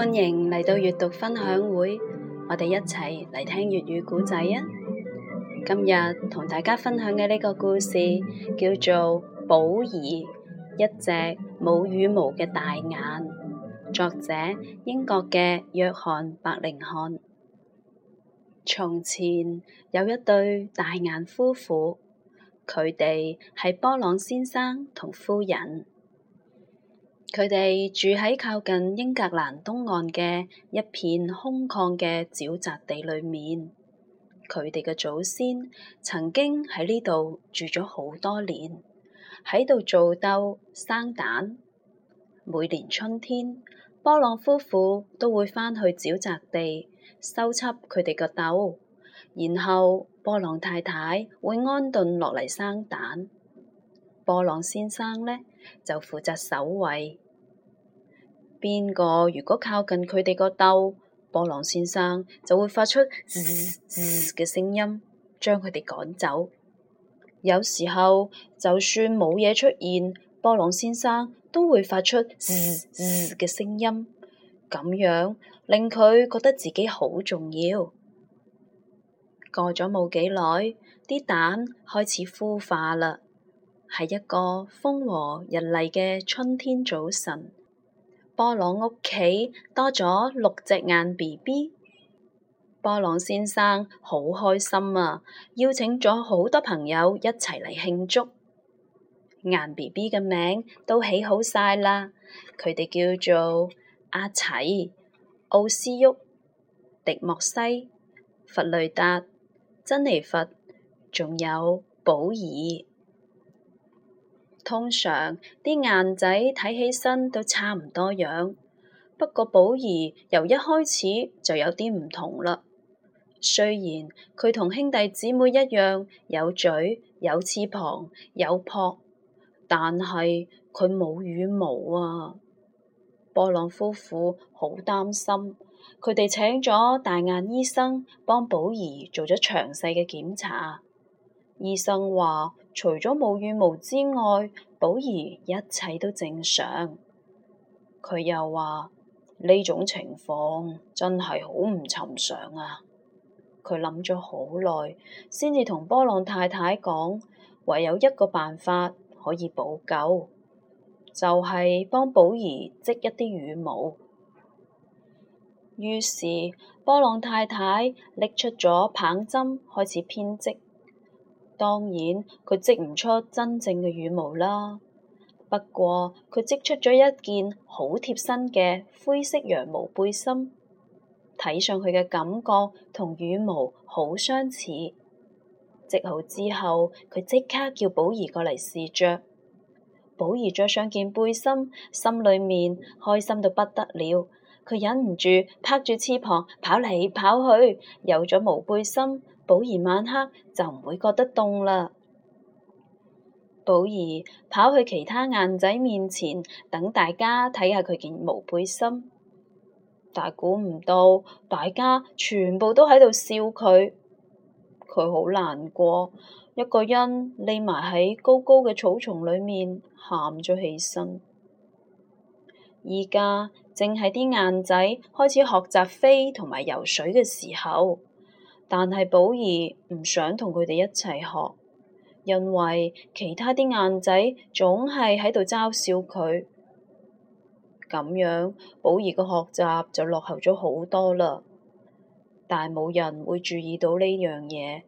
歡迎嚟到閱讀分享會，我哋一齊嚟聽粵語故仔啊！今日同大家分享嘅呢個故事叫做《寶兒一隻冇羽毛嘅大雁》，作者英國嘅約翰白靈漢。從前有一對大雁夫婦，佢哋係波朗先生同夫人。佢哋住喺靠近英格蘭東岸嘅一片空曠嘅沼澤地裏面。佢哋嘅祖先曾經喺呢度住咗好多年，喺度做竇生蛋。每年春天，波浪夫婦都會返去沼澤地收葺佢哋個竇，然後波浪太太會安頓落嚟生蛋。波浪先生呢，就負責守衛，邊個如果靠近佢哋個竇，波浪先生就會發出嗯嗯嘅聲音，將佢哋趕走。有時候就算冇嘢出現，波浪先生都會發出嗯嗯嘅聲音，咁樣令佢覺得自己好重要。過咗冇幾耐，啲蛋開始孵化啦。係一個風和日麗嘅春天早晨，波朗屋企多咗六隻眼 B B，波朗先生好開心啊！邀請咗好多朋友一齊嚟慶祝。眼 B B 嘅名都起好晒啦，佢哋叫做阿齊、奧斯沃、迪莫西、弗雷達、珍妮佛，仲有寶兒。通常啲雁仔睇起身都差唔多樣，不過寶兒由一開始就有啲唔同啦。雖然佢同兄弟姊妹一樣有嘴、有翅膀、有蹼，但係佢冇羽毛啊。波朗夫婦好擔心，佢哋請咗大眼醫生幫寶兒做咗詳細嘅檢查。醫生話。除咗冇羽毛之外，寶兒一切都正常。佢又話呢種情況真係好唔尋常啊！佢諗咗好耐，先至同波浪太太講，唯有一個辦法可以補救，就係幫寶兒織一啲羽毛。於是波浪太太拎出咗棒針，開始編織。當然，佢織唔出真正嘅羽毛啦。不過，佢織出咗一件好貼身嘅灰色羊毛背心，睇上去嘅感覺同羽毛好相似。織好之後，佢即刻叫寶兒過嚟試着。寶兒着上件背心，心裡面開心到不得了。佢忍唔住拍住翅膀，跑嚟跑去，有咗毛背心。寶兒晚黑就唔會覺得凍啦。寶兒跑去其他雁仔面前，等大家睇下佢件毛背心，但估唔到大家全部都喺度笑佢，佢好難過，一個人匿埋喺高高嘅草叢裏面喊咗起身。而家正係啲雁仔開始學習飛同埋游水嘅時候。但係寶兒唔想同佢哋一齊學，因為其他啲硬仔總係喺度嘲笑佢，咁樣寶兒嘅學習就落後咗好多啦。但係冇人會注意到呢樣嘢，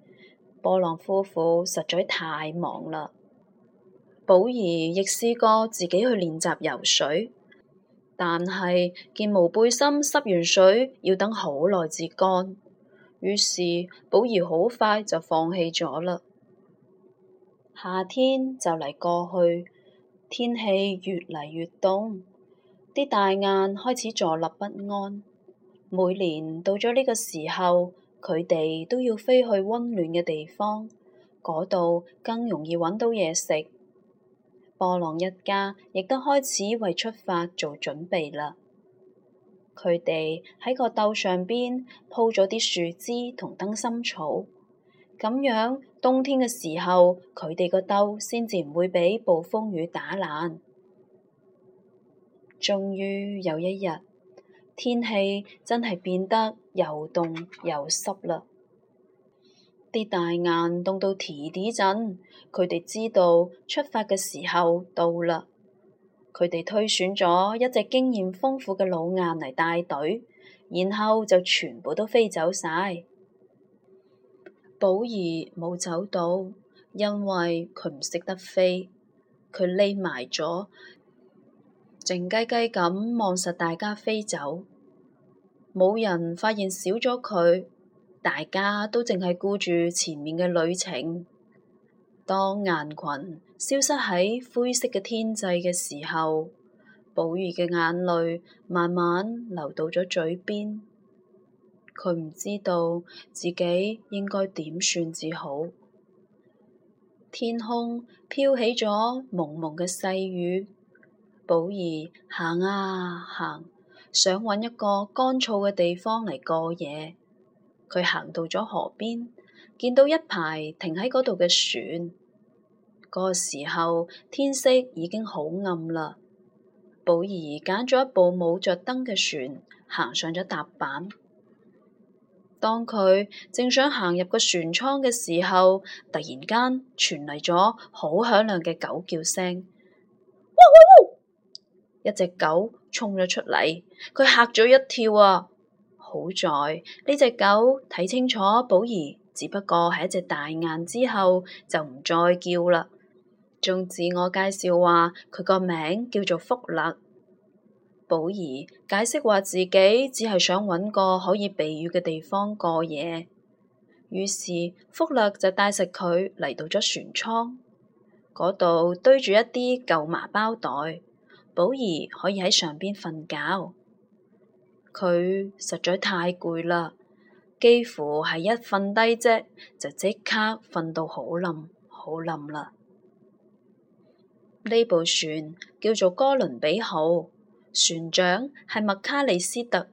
波浪夫婦實在太忙啦。寶兒亦試過自己去練習游水，但係件毛背心濕完水要等好耐至乾。於是，寶兒好快就放棄咗啦。夏天就嚟過去，天氣越嚟越凍，啲大雁開始坐立不安。每年到咗呢個時候，佢哋都要飛去溫暖嘅地方，嗰度更容易揾到嘢食。波浪一家亦都開始為出發做準備啦。佢哋喺個兜上邊鋪咗啲樹枝同燈芯草，咁樣冬天嘅時候佢哋個兜先至唔會俾暴風雨打爛。終於有一日，天氣真係變得又凍又濕啦，啲大雁凍到騰騰震，佢哋知道出發嘅時候到啦。佢哋推選咗一隻經驗豐富嘅老雁嚟帶隊，然後就全部都飛走晒。寶兒冇走到，因為佢唔識得飛，佢匿埋咗，靜雞雞咁望實大家飛走，冇人發現少咗佢，大家都淨係顧住前面嘅旅程。當雁群消失喺灰色嘅天際嘅時候，寶兒嘅眼淚慢慢流到咗嘴邊。佢唔知道自己應該點算至好。天空飄起咗蒙蒙嘅細雨，寶兒行啊行，想揾一個乾燥嘅地方嚟過夜。佢行到咗河邊，見到一排停喺嗰度嘅船。嗰個時候天色已經好暗啦，寶兒揀咗一部冇着燈嘅船，行上咗踏板。當佢正想行入個船艙嘅時候，突然間傳嚟咗好響亮嘅狗叫聲，汪汪汪！一隻狗衝咗出嚟，佢吓咗一跳啊！好在呢隻狗睇清楚寶兒，只不過係一隻大眼之後就唔再叫啦。仲自我介紹話，佢個名叫做福勒。寶兒解釋話自己只係想揾個可以避雨嘅地方過夜。於是福勒就帶實佢嚟到咗船艙嗰度，堆住一啲舊麻包袋，寶兒可以喺上邊瞓覺。佢實在太攰啦，幾乎係一瞓低啫，就即刻瞓到好冧好冧啦。呢部船叫做哥倫比號，船長係麥卡利斯特。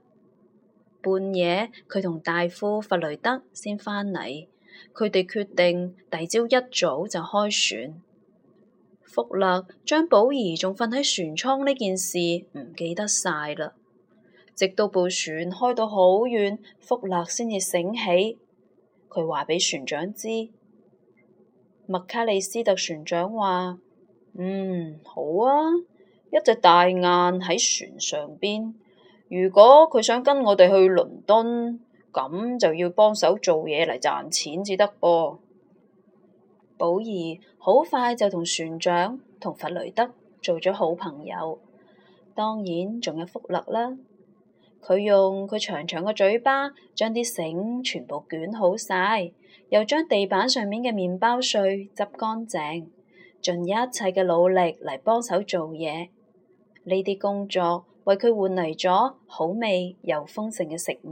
半夜佢同大夫弗雷德先返嚟，佢哋決定第朝一早就開船。福勒將寶兒仲瞓喺船艙呢件事唔記得晒啦，直到部船開到好遠，福勒先至醒起，佢話畀船長知。麥卡利斯特船長話。嗯，好啊！一隻大雁喺船上邊，如果佢想跟我哋去倫敦，咁就要幫手做嘢嚟賺錢至得噃。寶兒好快就同船長同弗雷德做咗好朋友，當然仲有福勒啦。佢用佢長長嘅嘴巴將啲繩全部捲好晒，又將地板上面嘅麵包碎執乾淨。盡一切嘅努力嚟幫手做嘢，呢啲工作為佢換嚟咗好味又豐盛嘅食物。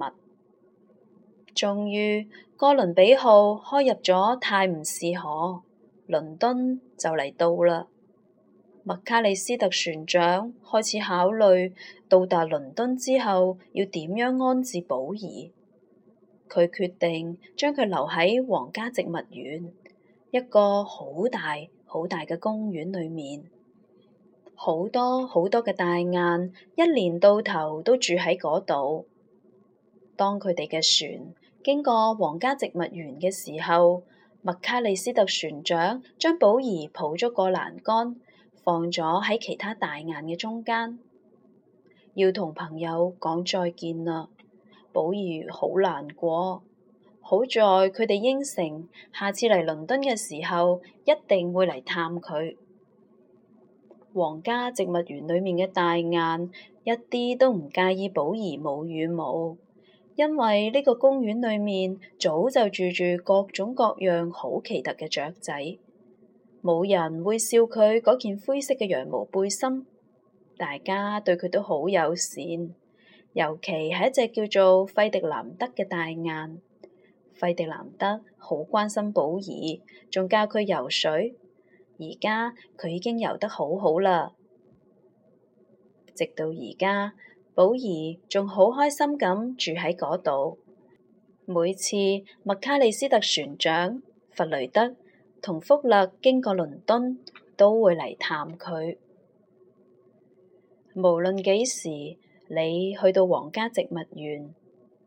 終於，哥倫比號開入咗泰晤士河，倫敦就嚟到啦。麥卡利斯特船長開始考慮到達倫敦之後要點樣安置寶兒。佢決定將佢留喺皇家植物園，一個好大。好大嘅公園裏面，好多好多嘅大雁，一年到頭都住喺嗰度。當佢哋嘅船經過皇家植物園嘅時候，麥卡利斯特船長將寶兒抱咗過欄杆，放咗喺其他大雁嘅中間，要同朋友講再見啦。寶兒好難過。好在佢哋應承下次嚟倫敦嘅時候，一定會嚟探佢。皇家植物園裏面嘅大雁一啲都唔介意寶兒冇羽毛，因為呢個公園裏面早就住住各種各樣好奇特嘅雀仔，冇人會笑佢嗰件灰色嘅羊毛背心。大家對佢都好友善，尤其係一隻叫做費迪南德嘅大雁。費迪南德好關心寶兒，仲教佢游水，而家佢已經游得好好啦。直到而家，寶兒仲好開心咁住喺嗰度。每次麥卡利斯特船長、弗雷德、同福勒經過倫敦，都會嚟探佢。無論幾時，你去到皇家植物園。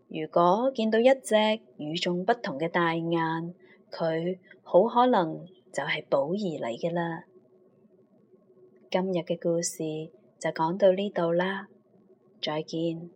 如果見到一隻與眾不同嘅大雁，佢好可能就係寶兒嚟嘅啦。今日嘅故事就講到呢度啦，再見。